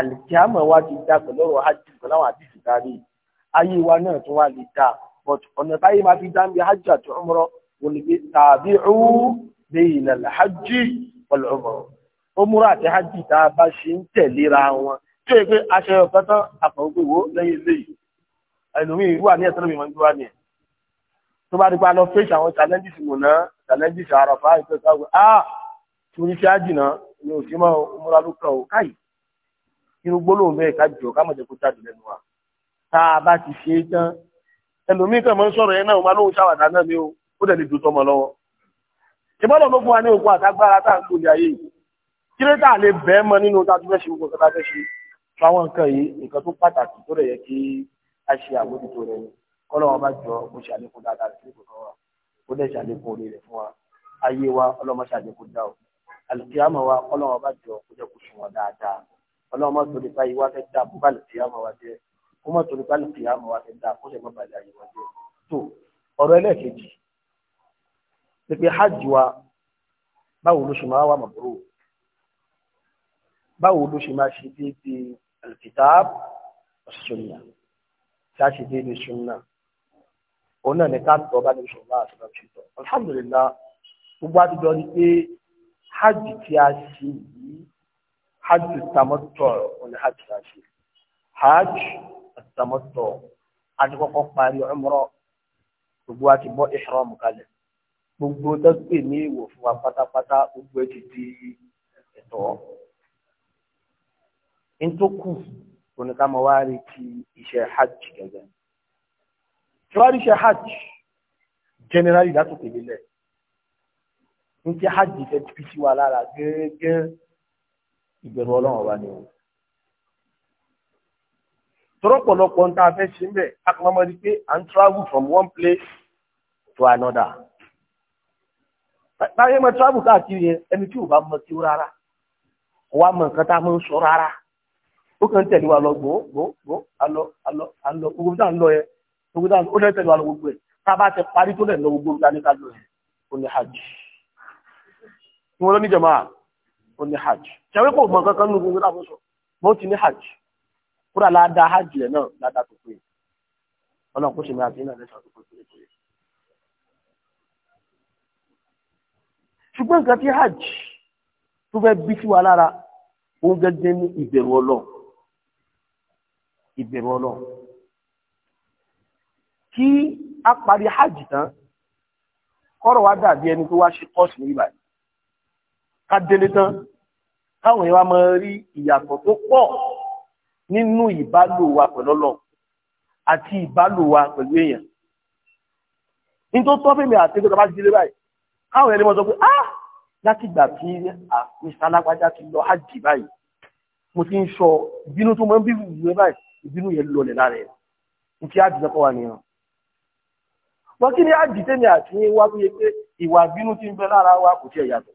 àlìkíámọ̀ wa ti da pẹ̀lú ọ̀rọ̀ hajj pẹ̀lú àwọn àdìsí dárí ayé wa náà tún wá lè da but ọ̀nà táyé máa fi dá ń bí hajj àti umrah wọ́n lè tàbí ọ́ bayna al-hajj wal-umrah umrah àti hajj tá a bá ṣe ń tẹ̀léra wọn tí ó yẹ pé aṣọ ọ̀kan tán àpọ̀gbé wo lẹ́yìn eléyìí ẹlòmíì wà ní ẹ̀sán lómìnira gbé wá tó bá dípa lọ fèsì àwọn challenges mọ̀nà challenges àràfà ìfẹ́ sáwọ́ ah tí mo ní fi náà ni ò sí mọ́ umrah ló kàn ó káyìí irú gbólóhùn bẹ́ẹ̀ ká jọ ká mọ̀jẹ̀ jáde lẹ́nu wa tá a bá ti ṣe é tán ẹlòmíín kan ń sọ̀rọ̀ yẹn náà máa lóhùn ṣàwàdà náà ni ó ó dẹ̀ lè dùn tọmọ lọ́wọ́ ìbọ́dọ̀ ló fún wa ní okun àtagbára tá à ń lòlẹ̀ ayé yìí kí ló tà lè bẹ́ẹ̀ mọ nínú tá a ti fẹ́ ṣe gbogbo nǹkan tá a fẹ́ ṣe fún àwọn nǹkan yìí nǹkan tó pàtàkì tó rẹ̀ yẹ kí a ṣe àmójútó rẹ̀ kọ́lọ́wọ́n bá jọ mo ṣàlékún wa ó dẹ̀ ṣàlékún orí dáadáa ọlọ́run má torí báyìí wá fẹ́ dà kó bá lè fìyà máa wá jẹ́ kó má torí bá lè fìyà máa wá fẹ́ dà kó lè má bàjẹ́ àyè wá jẹ́ tó ọ̀rọ̀ ẹlẹ́ẹ̀kejì pépé hajj wa báwo ló ṣe máa wà màbúrò báwo ló ṣe máa ṣe déédéé alkitab sunna tá a ṣe déédéé sunna òun náà ní ká tọ́ bá ní sọ̀rọ̀ àti bá ṣe gbogbo àtijọ́ ni pé hajj tí a ṣe yìí hajj tamatọ̀ òní hajj ṣáṣe hajj tamatọ̀ adúgbòkọ̀ parí umrah gbogbo àti bọ́ ihram kalẹ̀ gbogbo tó pè ní ìwò fún wa pátápátá gbogbo ẹ ti di ẹ̀tọ́ ntòkù oníkàmọ́wárí ti iṣẹ́ hajj gẹ́gẹ́ tíwárí iṣẹ́ hajj generally látòkè lélẹ̀ ní ti hajj fẹ́ ti fi sí wa lára gẹ́gẹ́ ìbẹ̀rù ọlọ́run wa ni o. tọ́rọ̀pọ̀lọpọ̀ ń tá a fẹ́ ṣe ń bẹ̀ akọ́mọ́mọ́dé pé à ń travel from one place to another. báyé mọ travel káàkiri yẹn ẹni tí ò bá mọ kí ó rárá kò wá mọ nǹkan tá a mọ ń sọ rárá ó kàn ń tẹ̀lé wa lọ gbòó gbòó gbòó alọ alọ alọ gbogbo tá à ń lọ yẹn gbogbo tá à ń lọ ó lẹ́ tẹ̀lé wa lọ gbogbo ẹ̀ tá a bá ti parí tó lẹ̀ lọ gbogbo tá ní ká lọ yẹn ó ní hajj. ìwọ ló ní jàmáà ó ní hajj ṣẹ́wé kò mọ̀ kankan ní gbogbo láàbọ̀ sọ mọ́ ti ní hajj kúrò aláàdá hajj rẹ̀ náà ládàá tó pé ọlọ́run kó ṣe máa fi náà lẹ́sàn tó pé pé pé. ṣùgbọ́n nǹkan tí hajj tó fẹ́ bí sí wa lára òun gẹ́gẹ́ ní ìbẹ̀rù ọlọ́run ìbẹ̀rù ọlọ́run kí a parí hajj tán kọ́rọ̀ wa dàbí ẹni tó wá ṣe kọ́ọ̀sì ní ìbàdàn ká délé tán káwọn èèyàn máa rí ìyàtọ̀ tó pọ̀ nínú ìbálò wa pẹ̀lú Ọlọ́run àti ìbálò wa pẹ̀lú èèyàn nítorí tó fẹ́mi àti ẹgbẹ́ bá ti délé báyìí káwọn èèyàn mọ̀ sọ pé ah láti ìgbà tí mr alágbájá ti lọ hajj báyìí mo ti ń sọ ìbínú tó máa ń bíbù ìwé báyìí ìbínú yẹn lọlẹ̀ lára ẹ̀ ní kí hajj lọ́kọ̀ wà nìyẹn wọ́n kí ni hajj tẹ́mi àti wá tó yẹ pé ìwà ìbínú ti ń bẹ lára wa kò tiẹ̀ yàtọ̀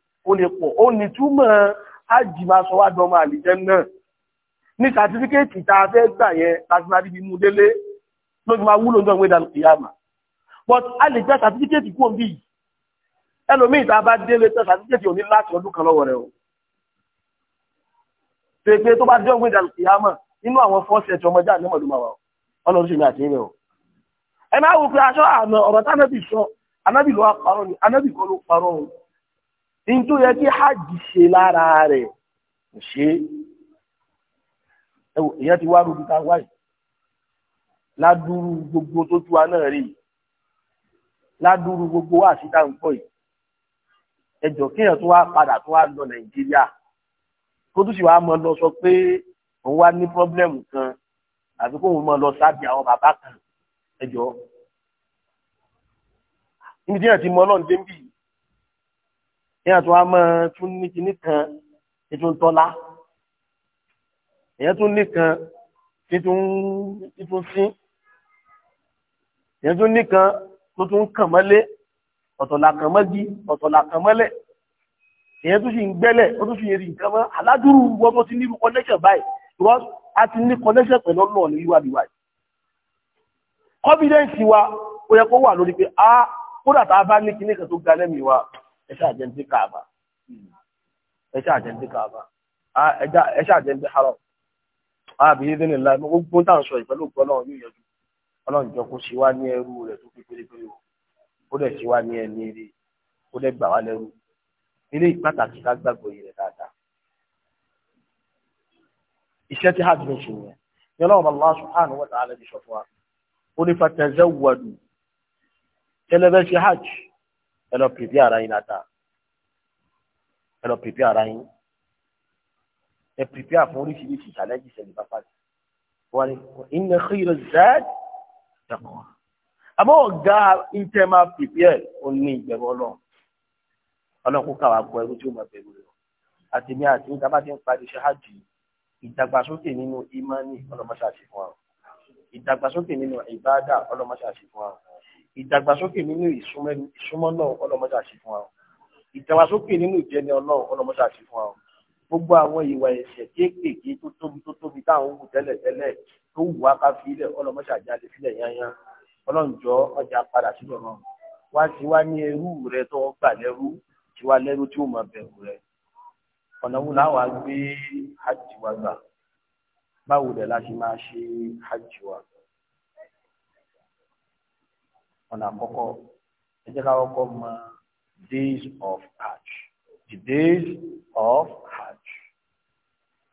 ó lè pọ̀ ó ní túmọ̀ ájìmáṣọwádọ́mọ àlìjẹ́ náà ní sàtífíkẹ́ẹ̀tì tá a fẹ́ gbà yẹn tàbí bí mú délé lójú wúlò náà wéda ìyàmà but a lè já sàtífíkẹ́ẹ̀tì kúrò bí ẹlòmíì tá a bá délé tán sàtífíkẹ́ẹ̀tì ò ní láti ọdún kan lọ́wọ́ rẹ̀ o pèpè tó bá jẹ́ wéda ìyàmà nínú àwọn fọ́ọ̀sẹ̀tì ọmọdé àlẹ́mọ̀lúmọ̀wá ọlọ́run sì ní ọ̀rọ̀ tánábì sọ anábì ló ni anábì ló parọ́ o in tó yẹ kí hajj ṣe lára rẹ̀ kò ṣe èyàn ti wá rúbi ká wáyé ládùúrú gbogbo tó tú wa náà rí ládùúrú gbogbo wà síta ń pọ̀ yìí ẹjọ́ kéèyàn tó wá padà tó wá lọ nàìjíríà kó tó sì wá mọ lọ sọ pé òun wá ní pọ́blẹ́mù kan àfi kóun mọ lọ sábì àwọn bàbá kan ẹjọ́ níbi tí yẹn ti mọ ọlọ́run dé ń bì yìí èèyàn tún á mọ tún ní kinní kan títún tọ́lá èèyàn tún ní kan títún títún sín èèyàn tún ní kan tó tún kàn mọ́lé ọ̀tọ̀là kan mọ́gi ọ̀tọ̀là kan mọ́lẹ̀ èèyàn tún sì ń gbẹ́lẹ̀ ó tún sì ń rí nǹkan mọ́ aládùúrú wọn tó ti ní connection báyìí because a ti ní connection pẹ̀lú ọlọ́ọ̀ ní wíwá bíwá yìí confidence wa ó yẹ kó wà lórí pé a ah, kódà tá a bá ní kinní kan tó ga lẹ́mìí wa ẹ ṣàjẹ́ ní Kaaba ẹ ṣàjẹ́ ní Kaaba ẹ ṣàjẹ́ ní Haram àbí ìdílé ńlá gbogbo tá à ń sọ ìpẹ́lú ògbọ́n náà yóò yọjú ọlọ́run jọ kó ṣe wá ní ẹrú rẹ̀ tó fi pérépéré o ó dẹ̀ ṣe wá ní ẹni rí ó ilé ìpàtàkì ká gbàgbọ́ dáadáa iṣẹ́ tí hajj ń ṣe yẹn ní ọlọ́run Allah subhanahu wa ta'ala ti sọ fún wa hajj ẹ lọ pèpè ara yín láta ẹ lọ pèpè ara yín ẹ pèpè àfún oríṣiríṣi challenge ìṣẹ̀lẹ̀ bá pàṣẹ wọn ni inna khayra zad taqwa àmọ́ ọ̀gá ìtẹmà pèpè ẹ ò ní ìbẹ̀rù Ọlọ́run Ọlọ́run kó káwá gbọ́ ẹrú tí ó máa bẹ̀rù rẹ àti ní àti níta bá ti ń parí iṣẹ́ ìdàgbàsókè nínú imani ọlọmọṣà àṣìfún wa ìdàgbàsókè nínú ìbáàdà ọlọmọṣà àṣìfún wa ìdàgbàsókè nínú ìsúnmọ́ náà ọlọ́mọdé àṣì fún wa ìdàgbàsókè nínú ìjẹni ọlọ́run ọlọ́mọdé àṣì fún wa gbogbo àwọn ìwà ẹ̀ṣẹ̀ kéékèèké tó tóbi tó tóbi táwọn ń wù tẹ́lẹ̀ tẹ́lẹ̀ tó wù wá ká filẹ̀ ọlọ́mọdé àjáde filẹ̀ yányá ọlọ́run jọ ọjà padà sílẹ̀ náà wá sí wá ní ẹrú rẹ tó gbà lẹ́rú tí wá lẹ́rú tí ó máa bẹ̀rù rẹ ọ̀nà ọ̀nà àkọ́kọ́ ẹ jẹ́ mọ days of hajj the days of hajj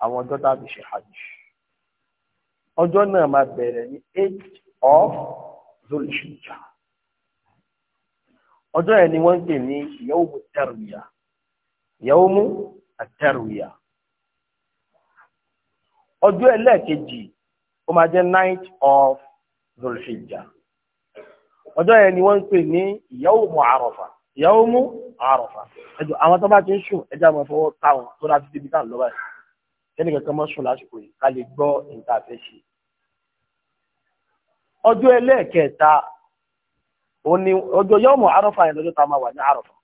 àwọn ọjọ́ tá a fi ṣe hajj ọjọ́ náà máa bẹ̀rẹ̀ ní eight of zulhijja ọjọ́ yẹn ni wọ́n ń pè ní yawmu tarwiya yawmu tarwiya ọjọ́ ẹlẹ́ẹ̀kejì ó máa jẹ́ night of zulhijja ọjọ́ yẹn ni wọ́n ń pè ní yawmu Àrọ̀fà yawmu Àrọ̀fà ẹjọ́ àwọn tó bá ti ń sùn ẹjọ́ àwọn fọwọ́ táwọn tó dá títí bí táwọn lọ́wọ́ yìí kẹ́ni kankan mọ́ sùn lásìkò yìí ká lè gbọ́ nǹkan àfẹ́ ṣe. ọjọ́ ẹlẹ́ẹ̀kẹta òní ọjọ́ yawmu Àrọ̀fà yẹn lọ́jọ́ tá a máa wà ní Àrọ̀fà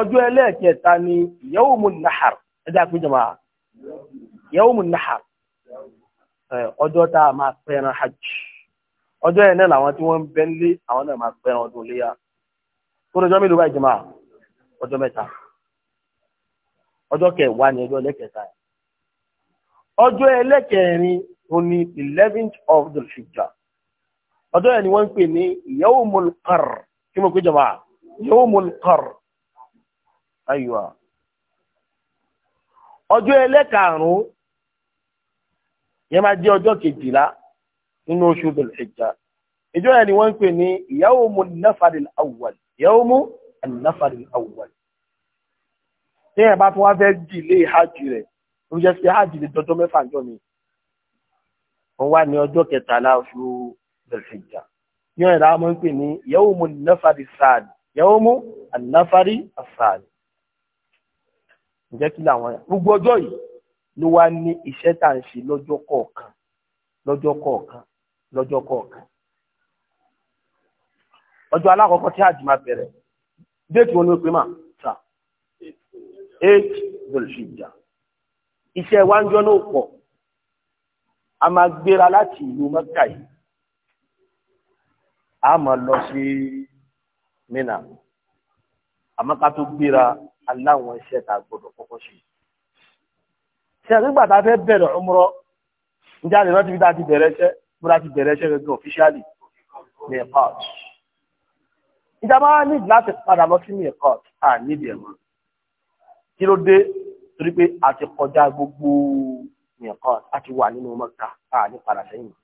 ọjọ́ ẹlẹ́ẹ̀kẹta ni yawmu nahar ẹjọ́ àpéjọ máa yawmu nahar ọjọ́ tá a máa pẹ́ran hajj ọjọ́ yẹn náà làwọn tí wọ́n ń bẹ ń lé àwọn náà máa pẹ́ran ọdún léyà tó lọ́jọ́ mélòó báyìí jẹ́mà ọjọ́ mẹ́ta ọjọ́ kẹwàá ni ọjọ́ ẹlẹ́kẹta yẹn ọjọ́ ẹlẹ́kẹrin ó eleventh of the future ọjọ́ yẹn ni wọ́n ń pè ní yawmul qarr kí mo pé jẹ́mà yawmul qarr aywa ọjọ́ ẹlẹ́karùn yẹn máa jẹ́ ọjọ́ kejìlá nínú oṣù Dhul-Hijja ìjọ yẹn ni wọ́n ń pè ní yawmu nafaril awwal yawmu nafaril awwal tí ẹ̀ bá tún wá fẹ́ jì lé hajj rẹ̀ ó jẹ́ sí hajj lè dọ́jọ́ mẹ́fà jọ mi wọ́n wá ní ọjọ́ kẹtàlá oṣù Dhul-Hijja lọ́jọ́ kọ̀ọ̀kan lọ́jọ́ kọ̀ọ̀kan ọjọ́ alákọ̀ọ́kọ́ tí àjì máa bẹ̀rẹ̀ déètì wọn ni ó pè máa sà 8 zulhijja iṣẹ́ wa ń jọ náà pọ̀ a máa gbéra láti ìlú mẹ́kà yìí a máa lọ sí Mínà àmọ́ ká tó gbéra aláwọn iṣẹ́ tá gbọ́dọ̀ kọ́kọ́ ṣe ṣe àgbégbà tá fẹ́ bẹ̀rẹ̀ ọmọrọ ń jáde rántí bí tá ti bẹ̀rẹ̀ iṣẹ́ múra ti bẹ̀rẹ̀ ṣẹ́ gẹ́gẹ́ ọ̀fíṣàlì ní ẹ̀kọ́t ìjọba ní láti padà lọ sí ní ẹ̀kọ́t à níbi ẹ̀mọ́ kí ló dé torí pé a ti kọjá gbogbo ní ẹ̀kọ́t a ti wà nínú mọ́ta à ní padà sẹ́yìn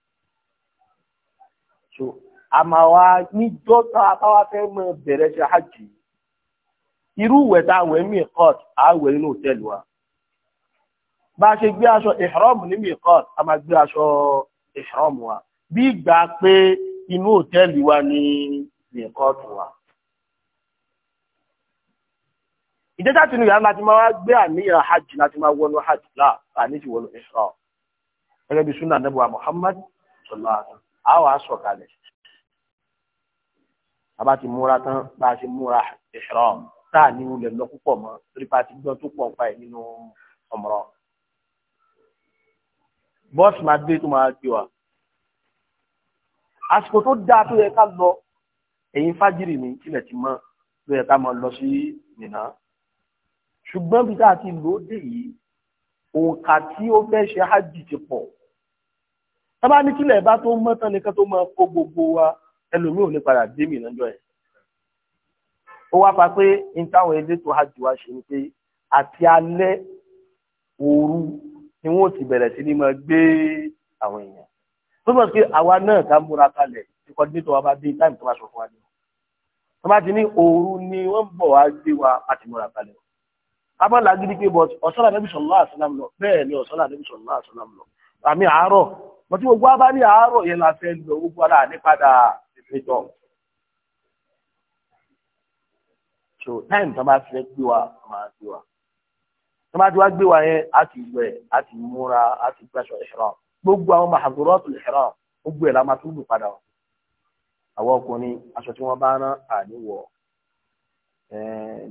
so àmà wa níjọ́ tá a bá wá fẹ́ mọ bẹ̀rẹ̀ ṣe àjì irú ìwẹ̀ tá a wẹ̀ ní ẹ̀kọ́t à wẹ̀ nínú òtẹ́ẹ̀lì wa bá a ṣe gbé aṣọ ìhrọ́mù ní ìṣọ́ọ̀mù wa bí ìgbà pé inú òtẹ́ẹ̀lì wa ni rìkọ́ọ̀tù wa. ìjẹ́jà tinú yàrá láti máa gbé àníyàn hajj láti máa wọnú hajj là àní ti wọnú ìṣọ́ gẹ́gẹ́ bí sunnah nabi wa muhammad sallallahu alaihi wa àwọn aṣọ kalẹ̀ àbá ti múra tán bá a ṣe múra ìṣọ́ táà ní ilẹ̀ lọ púpọ̀ mọ́ torí pa ti gbọ́n tó pọ̀ pa ẹ̀ nínú bọ́ọ̀sì máa dé tó máa gbé wa àsìkò tó dáa tó yẹ ká lọ ẹ̀yìn fájìrì ní ilẹ̀ ti mọ́ ló yẹ ká máa lọ sí Mínà ṣùgbọ́n bí tá a ti lò ó dé yìí òǹkà tí ó fẹ́ ṣe hajj ti pọ̀ tábà ní kílẹ̀ bá tó mọ́ tán nìkan tó máa kó gbogbo wa ẹlòmíì ò ní padà dé Mínà jọ ẹ̀ ó wá pa pé ní táwọn elétò hajj wa ṣe ni pé àti alẹ́ òru ni wọ́n ti bẹ̀rẹ̀ sí ní máa gbé àwọn èèyàn tó bọ̀ sí àwa náà ká múra kalẹ̀ tí kọ́dínétọ̀ wa bá dé táìmù tó bá sọ fún wa ni wọ́n bá ti ní òru ni wọ́n ń bọ̀ wá gbé wa àti múra kalẹ̀ abala gidi pé bọ̀ ọ̀sán àdébí sọ̀lá àsálàm lọ bẹ́ẹ̀ ni ọ̀sán àdébí sọ̀lá àsálàm lọ àmì àárọ̀ wọ́n tí gbogbo abá ní àárọ̀ yẹn la fẹ́ lọ gbogbo ara ní padà ìfẹ́tọ̀ so táìmù tó bá fẹ́ gbé wa máa gbé wa tó bá ti wá gbé wa yẹn a ti wẹ̀ a ti múra a ti gbàṣọ ìṣẹ̀rọ̀ gbogbo àwọn mahaduratul ihram gbogbo ẹ̀ la máa tún lù padà àwọn ọkùnrin aṣọ tí wọ́n bá rán àníwọ̀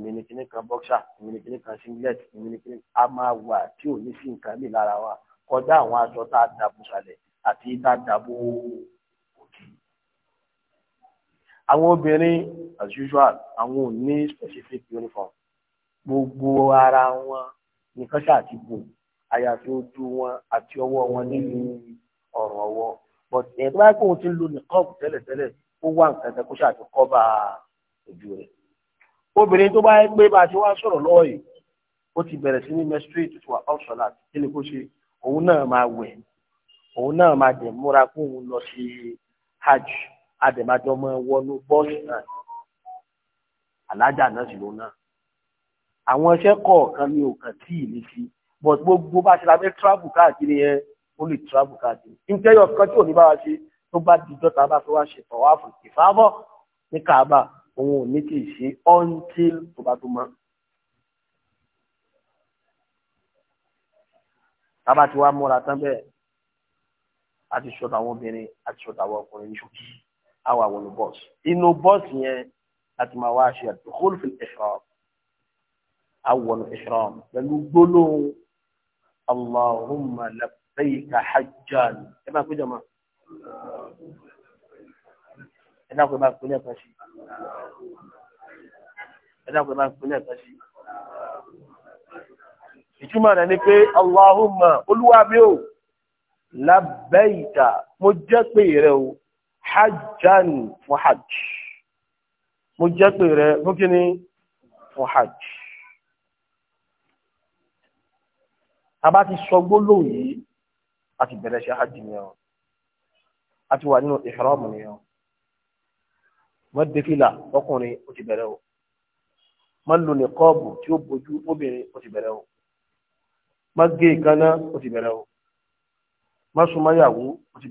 mìnìkìnì kan boxer mìnìkìnì kan singlet mìnìkìnì a máa wà tí ò ní sí nǹkan lè lára wa kọjá àwọn aṣọ tá a dàbò sàlẹ̀ àti tá a dàbò òkè. àwọn obìnrin as usual àwọn ò ní specific uniform gbogbo ara wọn nìkan ṣáà ti bò àyàfi ojú wọn àti ọwọ́ wọn nínú ọ̀rọ̀ ọwọ́ but ẹ̀ tó bá kó o ti ń lo nìkọ́ọ̀bù tẹ́lẹ̀tẹ́lẹ̀ ó wà nǹkan tẹ́ kó ṣáà ti kọ́ bá ojú rẹ̀ obìnrin tó bá yẹ bá a ti wá sọ̀rọ̀ lọ́wọ́ yìí ó ti bẹ̀rẹ̀ sí ní menstruate tó ti kí ni kó ṣe òun náà máa wẹ̀ òun náà máa dẹ̀ múra kó òun lọ sí hajj adẹ̀májọ́ mọ́ wọnú bọ́ọ̀sì náà alájà náà sì lóun náà àwọn iṣẹ́ kọ̀ọ̀kan ni òkàn tí ì ní sí but gbogbo bá ṣe la fẹ́ travel káàkiri yẹn ó lè travel káàkiri nítorí ọ̀kan tí ò ní bá wa ṣe tó bá di dọ́ta bá fẹ́ wá ṣe tọ̀wá fún ìfàbọ̀ ní Kaaba òun ò ní kì í ṣe until tó bá tó mọ́. tába tí wàá múra tán bẹ́ẹ̀ a ti ṣọ̀tà àwọn obìnrin a ti ṣọ̀tà àwọn ọkùnrin ní ṣókí a wà wọnú bọ́ọ̀sì inú bọ́ọ̀sì yẹn a ti máa wá ṣe àdókòlùfẹ́ ẹ̀ṣọ́ awwal ihram pẹ̀lú gbólóhùn allahumma labbayka hajjan ẹ máa péjọ mọ́ ẹ dákun ẹ máa pínlẹ̀ kan sí ẹ dákun ẹ máa pínlẹ̀ kan sí ìtumọ̀ rẹ̀ ni pé allahumma olúwa mi ò mo jẹ́ pé rẹ̀ o hajjan fún hajj mo jẹ́ pé rẹ̀ fún kí ni fún hajj. tàbá ti sọ gbólóhùn yìí a ti bẹ̀rẹ̀ ṣe hajj ni ọ a ti wà nínú ìhìrọ́mù ni ọ wọ́n dé fìlà ọkùnrin ó ti bẹ̀rẹ̀ o wọ́n lò ní kọ́ọ̀bù tí ó bojú obìnrin ó ti bẹ̀rẹ̀ o wọ́n gé ìkaná ó ti o ti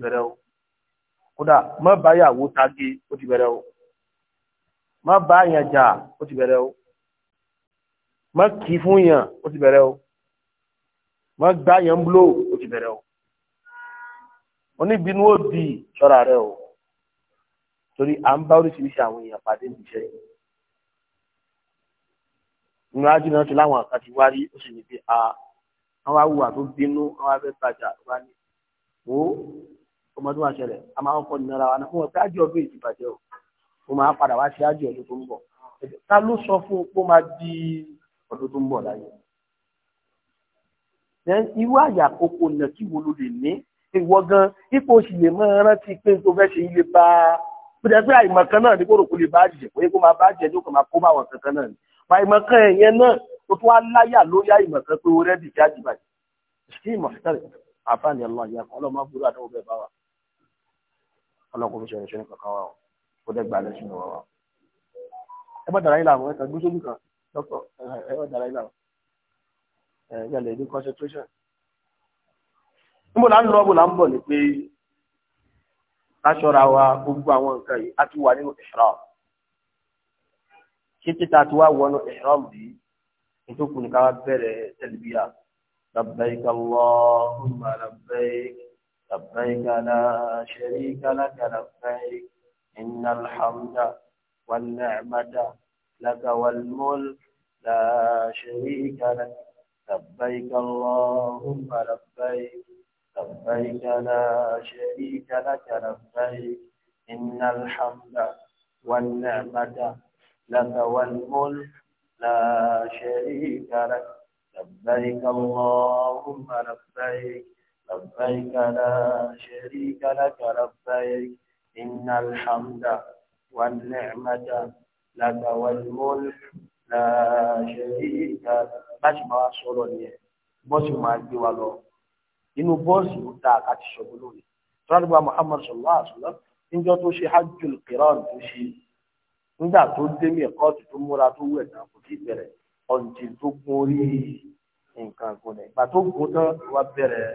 bẹ̀rẹ̀ o kódà wọ́n bá yàwó tagé ó ti bẹ̀rẹ̀ o wọ́n bá yàn jà ti bẹ̀rẹ̀ o wọ́n kì fún yàn ó ti bẹ̀rẹ̀ o mọ́ gbá yẹn ń bló ó ti bẹ̀rẹ̀ o oníbinú ó di ṣọ́ra rẹ o torí à ń bá oríṣiríṣi àwọn èèyàn pàdé níṣẹ́ inú ájú náà ti láwọn àkàtì wá rí ó sì ní pé a àwọn awùwà tó bínú àwọn abẹ́ tajà wá ní wo ọmọ tó máa a máa ń kọ́ nínú ara wa náà fún wọn pé ájú ọdún ìtìbàjẹ́ o mo máa padà wá sí ájú ọdún tó ń bọ̀ ta ló sọ fún un pé ó máa di ọdún tó ń bọ̀ láyé irú àyà kòkò nà kí wo ló lè ní ìwọ gan ipò sì lè mọ rántí pé tó fẹ́ ṣe ilé bá ó jẹ́ pé àìmọ̀kan náà ní kòròkò lè bá jẹ pé kó máa bá jẹ ní kò máa kó báwọn kankan náà ni àìmọ̀kan ẹ̀yẹn náà tó tún wá láyà lórí àìmọ̀kan pé ó rẹ́dì jáde báyìí sí ìmọ̀sítẹ́rẹ̀ àfáàní ọlọ́ọ̀yà kan ọlọ́ọ̀ máa burú àdánwò bẹ́ẹ̀ bá wa ọlọ́ọ̀ kò fi ṣe ìrìnṣẹ́ nìkan kan wa kó dẹ́ gbà lẹ́sìn wa ẹ bá dàrá yín làwọn ẹ kàn gbé sóbì kan dókítà ẹ ẹ̀ẹ́dẹ̀lẹ̀ ní concentration. níbo là ń lọ bó là ń bọ̀ ni pé aṣọra wa gbogbo àwọn nǹkan yìí a ti wà nínú ihram ṣé títa ti wá wọnú ihram yìí nítòkù ní ká bẹ̀rẹ̀ talbiya labbaik Allahumma labbaik labbaik la sharika laka labbaik innal hamda wan ni'mata لبيك اللهم لبيك لبيك لا شريك لك لبيك إن الحمد والنعمة لك والملك لا شريك لك لبيك اللهم لبيك لبيك لا شريك لك لبيك إن الحمد والنعمة لك والملك ṣẹ̀rí láti máa sọ̀rọ̀ nìyẹn bọ́ọ̀sì máa gbé wa lọ inú bọ́ọ̀sì ló dáa ká ti sọ̀rọ̀ lónìí tọ́lágbà muhammad sallallahu alaihi wasallam níjọ́ tó ṣe hajjul qiran tó ṣe nígbà tó dé mi kóòtù tó múra tó wẹ̀ náà kò tí bẹ̀rẹ̀ ọ̀njì tó gun orí nǹkan gbọ̀nẹ̀ ìgbà tó gun tán wá bẹ̀rẹ̀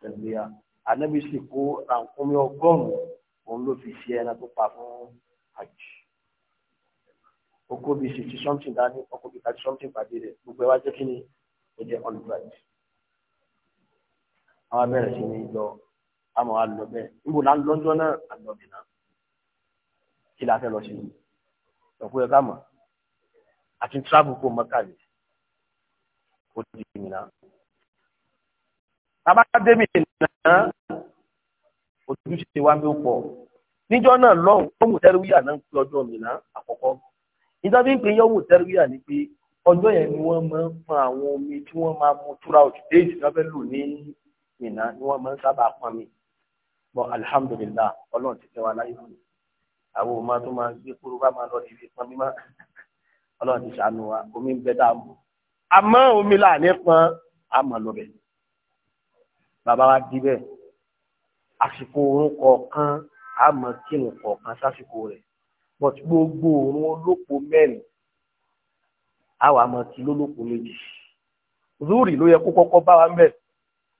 pẹ̀lú ya anábìsì kó rànkúnmi ọgọ́rùn-ún òun ló fi ṣe ẹran tó pa fún hajj ó kó bí sixty something dani, ó kó bí thirty something pàdé rẹ̀ gbogbo ẹ̀ wá kí ni ó jẹ́ all right. àwọn abẹ́rẹ́ sí ni lọ àmọ́ a lọ bẹ́ẹ̀ níbo là ń lọ́jọ́ náà à ń lọ bìnnà kí la fẹ́ lọ sí i ọ̀pọ̀ ẹ̀ ká mọ̀ àti travel kó mọ́ káàdì ó di Mínà. tábà dé Mínà ojúṣe wa ló pọ̀ níjọ́ náà lọ́hùn-ún ó mú tẹ́rù yà náà lọ́jọ́ Mínà àkọ́kọ́ nítorí pé yọ̀wò tẹ́rìbíà ni pé ọjọ́ yẹn ni wọ́n máa ń pọn àwọn omi tí wọ́n máa mu túra òtù déètì náà fẹ́ lò ní ìná ni wọ́n máa ń sábà pọn mi bọ́ alihamudulilá ọlọ́run ti tẹ́ wa láyé fún mi àwọn ọmọ tó máa ń gbé kúrú bá máa lọ ibi pọn mi máa ti ṣàánú wa omi ń bẹ dáa mu àmọ́ omi là pọn àmọ́ lọ́bẹ̀ bàbá wa di bẹ́ẹ̀ àsìkò òun kọ̀ọ̀kan àmọ́ kírun kọ̀ọ̀kan sásìkò rẹ̀ but gbogbo òrùn olóko mẹ́rin àwọn àmọ́ kí lólóko méjì zúrì ló yẹ kó kọ́kọ́ bá wa mẹ́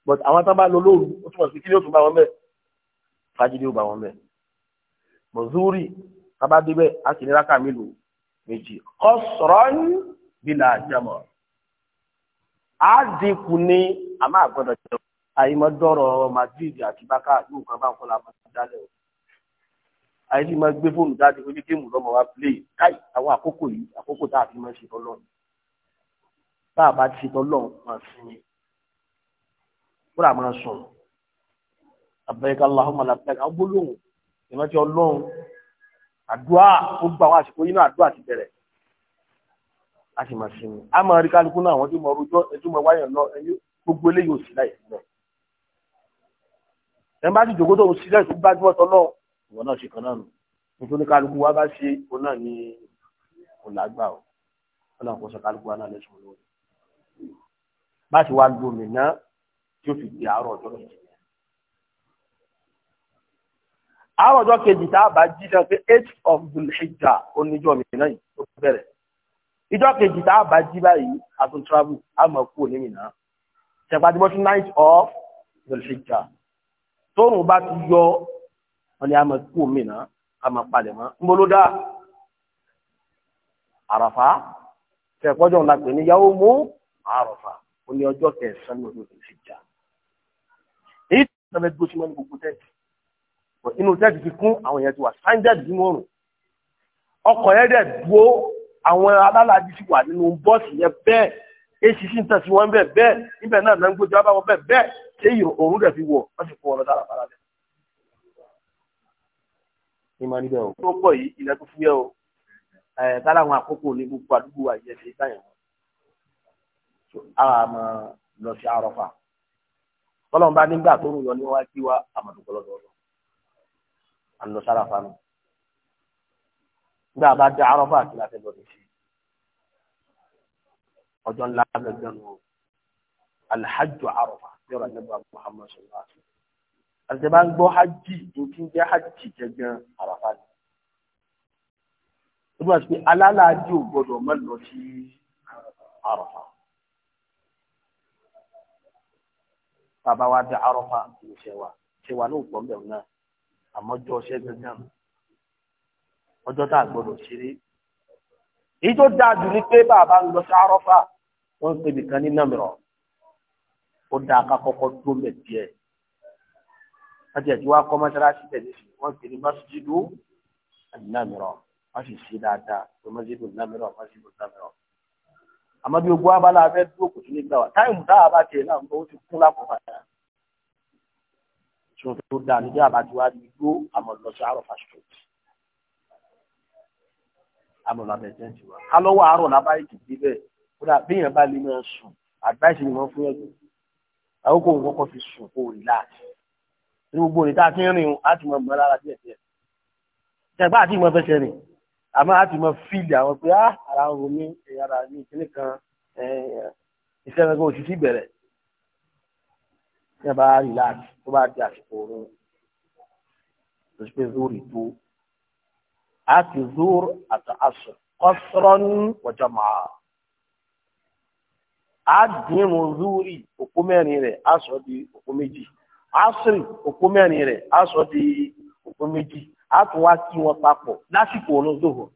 but àwọn tán bá lọ lóru ó túmọ̀ sí kí ni ó tún bá wọn mẹ́ fàjídé ó bá wọn mẹ́ but zúrì tábà débẹ̀ á sì ní rákà mélòó méjì qasran bila jama á dínkù ní àmọ́ àgbọ̀dọ̀ jẹun àyìnbó Madrid àti bákà yóò kan bá ń kọ́ la dálẹ̀ o àyè sì máa gbé fóònù jáde pé ní géèmù lọ́mọ wa play káì àwọn àkókò yìí àkókò tá a fi máa ń ṣetán lọ́run tá a bá ti ṣetán lọ́run máa sinmi kúrò àmọ́ sùn àbẹ̀yẹ̀ká Allahumma làbẹ̀yẹ̀ká gbólóhùn ìrántí ọlọ́run àdúrà ó gba àwọn àsìkò yìí náà àdúrà ti bẹ̀rẹ̀ a sì máa sinmi a máa rí kálukú náà àwọn tí mo rojọ́ ẹjú mo wáyàn lọ ẹyọ gbogbo eléyìí ò sí láì sílẹ̀ ẹ̀ ń bá ti jòkó tó ń sílẹ̀ tó gbájúmọ́ tọ́lọ́run ìwọ náà ṣe kan náà nù nítorí kálukú wa bá ṣe òun náà ní kò lágbà o ọlọ́run kò sọ kálukú wa náà lẹ́sùn lórí bá ti wá gbòmìn náà tí ó fi di àárọ̀ ọjọ́ kejì àárọ̀ ọjọ́ kejì tá a bá jí sọ pé eight of the hijjah oníjọ́ mi náà yìí ó bẹ̀rẹ̀ ìjọ́ kejì tá a bá jí báyìí a tún travel a mọ̀ kú òní mìíràn ṣẹ̀pá tí wọ́n night of the hijjah tóun bá ti yọ wọ́n ní a máa kú mi náà a máa palẹ̀ mọ́ ń bolo dá àràfà fẹ̀kọ́jọ́ ńlá pè ní yàwó mú àràfà ó ní ọjọ́ kẹsàn-án ní oṣù fi jà èyí tó ń bẹ́ẹ̀ dúró sí mọ́ ní gbogbo tẹ́ẹ̀tì inú tẹ́ẹ̀tì ti kún àwọn èèyàn ti wà sáńdẹ̀d nínú òrùn ọkọ̀ yẹn dẹ̀ dúró àwọn alálàájì ti wà nínú bọ́ọ̀sì yẹn bẹ́ẹ̀ èsì sì ń tẹ̀sí wọn bẹ́ẹ̀ bẹ́ẹ̀ níbẹ̀ náà náà ń gbójú abáwọn bẹ́ẹ̀ bẹ́ẹ̀ ṣé òrùn dẹ̀ fi wọ̀ wọ́n sì kó ọ̀rọ̀ dára fara rẹ̀ ní ma níbẹ̀ o. tó pọ̀ yìí ilẹ̀ tó fúyẹ́ o tára àwọn àkókò ní gbogbo àdúgbò àyẹ̀ ṣe táyẹ̀ wọn. ara máa lọ sí àrọ́fà tọ́lọ́n bá nígbà tó ń yọ ní wájú wa àmọ̀dúkọ́ lọ́dọọdọ́ àlọ́ sára fanu nígbà bá dá àrọ́fà àti láti lọ́dọ̀ sí ọjọ́ ńlá gbẹgbẹ́ nù alhajj àrọ́fà yọ̀rọ̀ nígbà Muhammad sallallahu alaihi wa sallam àti bá ń gbọ́ hajj nkí ń jẹ́ hajj gẹ́gẹ́ àràfà ni. ó dúró àti pé alálàájì ò gbọdọ̀ má lọ sí àràfà. bàbá wa dé àràfà ní ṣẹwà ṣẹwà ní òpó mbẹ̀rún náà àmọ́jọ́ ṣẹ́ gẹ́gẹ́ ọjọ́ tá a gbọdọ̀ ṣeré. èyí tó dáa jù ni pé bàbá ń lọ sí àràfà wọ́n ń pè nìkan ní nàmìràn ó dáa ká kọ́kọ́ dó mẹ́ díẹ̀ láti ẹ̀jú wá kọ́ mọ́ṣáláṣí tẹ̀lé sí wọ́n pè ní masjidu alinamiro wọ́n sì ṣe dáadáa pé masjidu alinamiro masjidu alinamiro. àmọ́ bí ogun abala abẹ́ dúró kò tún lè gbà wá táìmù táwa bá tiẹ̀ náà ó ti kún lákòókò àyà. sọ tó dáa níbi àbájú wa ni dúró àmọ́ lọ sí àrò fàṣítọ̀tì. àmọ́ lọ abẹ́ tẹ́ǹtì wa. ká lọ́wọ́ àárọ̀ lábáyé kìí bẹ́ẹ̀ kódà bí èèyàn bá lè máa sùn àdváìsì ni wọ́n fún ẹ̀gbọ́n. àkókò òun kọ́kọ́ fi sùn kó o rí láàṣì ní gbogbo ìta tí ń rìn o á ti mọ mọ lára díẹ̀ díẹ̀ tẹgbà àti ìmọ̀ fẹsẹ̀ rìn àmọ́ á ti mọ fíìlì àwọn pé ah, ara ń romí ara ní ìpínlẹ̀ kan iṣẹ́ gbogbo òṣìṣẹ́ ìbẹ̀rẹ̀ ní bá rí láti tó bá di àsìkò oorun tó ṣe pé zóòrì tó á ti zóòrò àti àṣọ kọ́sọ́rọ́ ní wọ́jọ́ máa á dín irun zóòrì òpó mẹ́rin rẹ̀ á di òpó méjì. asiri òpó mẹ́rin rẹ̀ aṣọ di òpó méjì a wọn